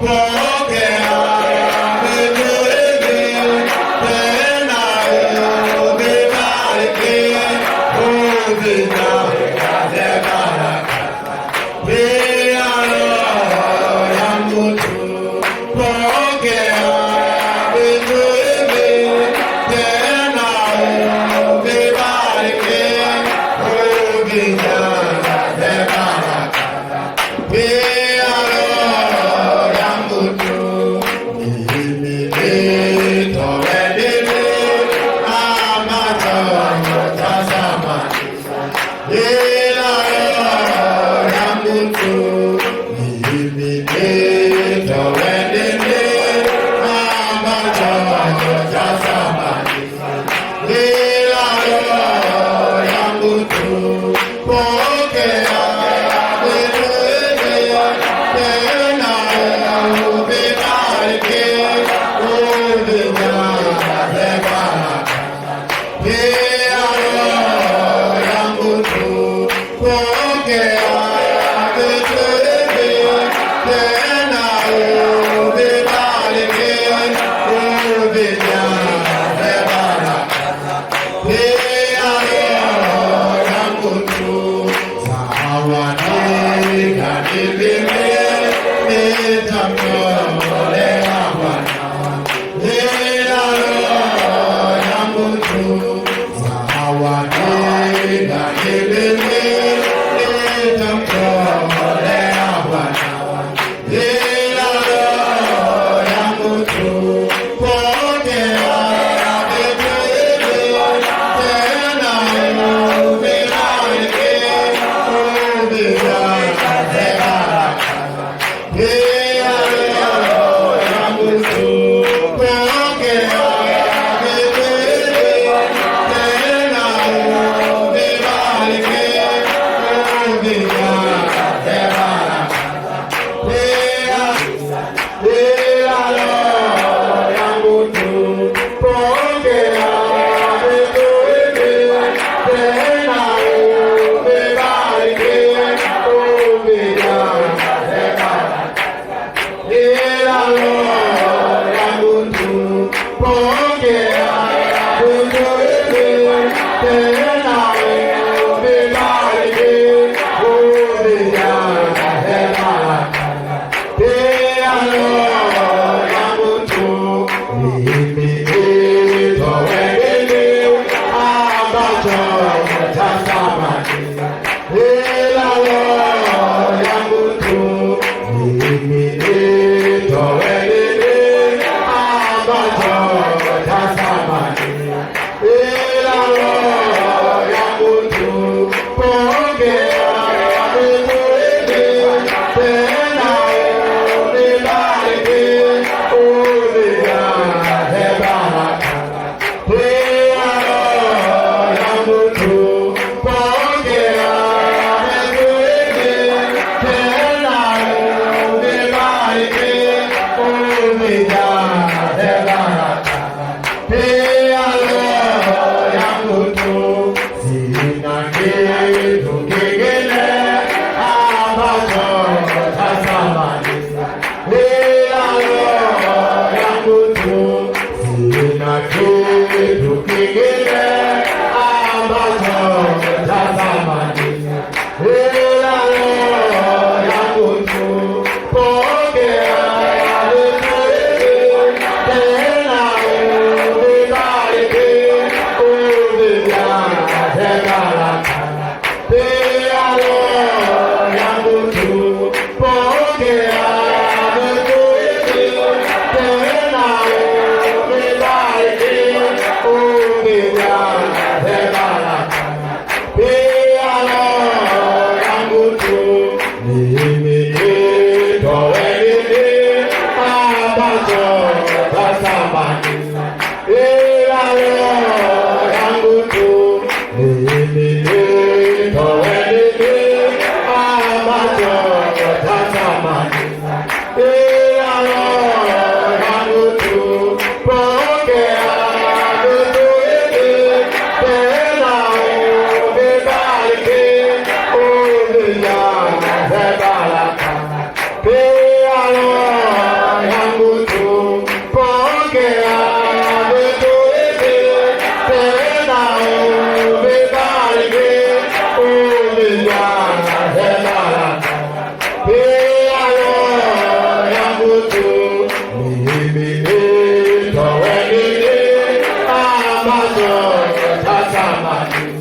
program. Oh. Jamal. ചെയ്യുന്നതിനെ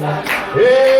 Hey!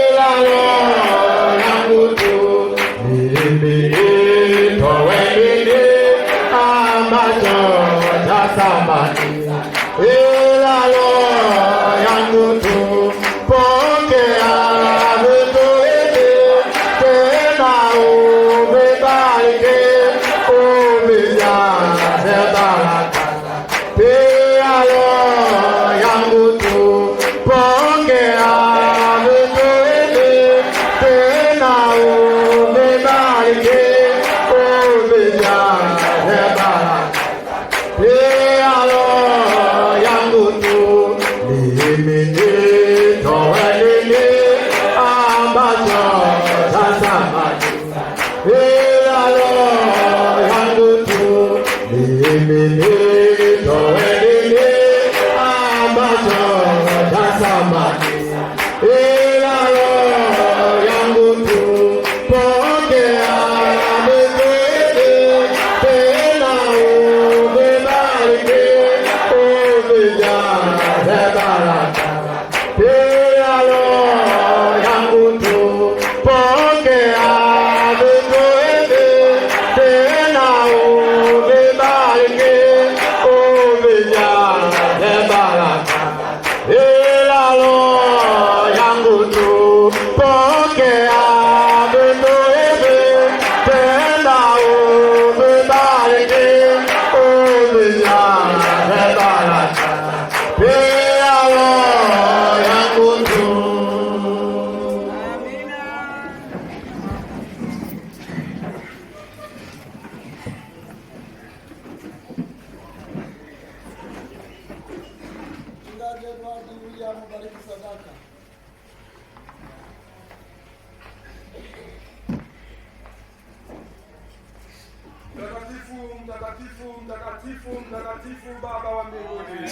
mtakatifu, mtakatifu, mtakatifu, Baba wa mbinguni,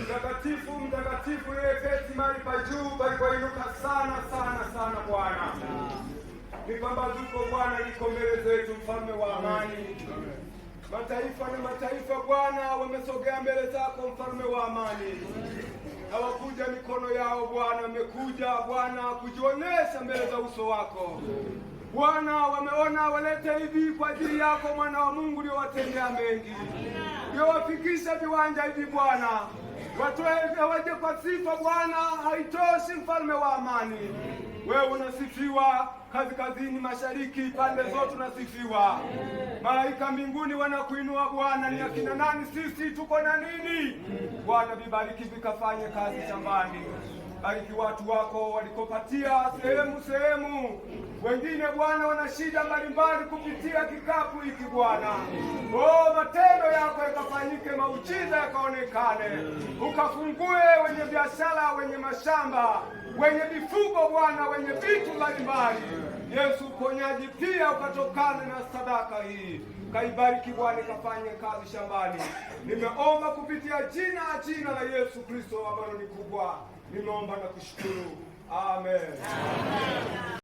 mtakatifu, mtakatifu, yeye keti mahali pa juu palipoinuka sana sana sana. Bwana, ni kwamba Bwana, iko mbele zetu, mfalme wa amani. Mataifa na mataifa Bwana wamesogea mbele zako, mfalme wa amani hawakuja mikono yao Bwana, wamekuja Bwana kujionesha mbele za uso wako. Bwana, wameona walete hivi kwa ajili yako mwana wa Mungu uliowatendea mengi, uliowafikisha viwanja hivi Bwana, watoe waje kwa sifa Bwana, haitoshi mfalme wa amani. Wewe unasifiwa kaskazini, mashariki, pande zote unasifiwa. Malaika mbinguni wanakuinua Bwana. Ni akina nani sisi? Tuko na nini? Bwana vibariki, vikafanye kazi shambani. Bariki watu wako walikopatia sehemu sehemu. Wengine Bwana wana shida mbalimbali kupitia kikapu hiki Bwana. Oh, matendo yako yakafanyike, maujiza yakaonekane, ukafungue wenye biashara, wenye mashamba wenye mifugo Bwana, wenye vitu mbalimbali. Yesu uponyaji pia ukatokana na sadaka hii. Kaibariki Bwana, ikafanye kazi shambani. Nimeomba kupitia jina la jina la Yesu Kristo ambalo ni kubwa, nimeomba na kushukuru. Amen, amen.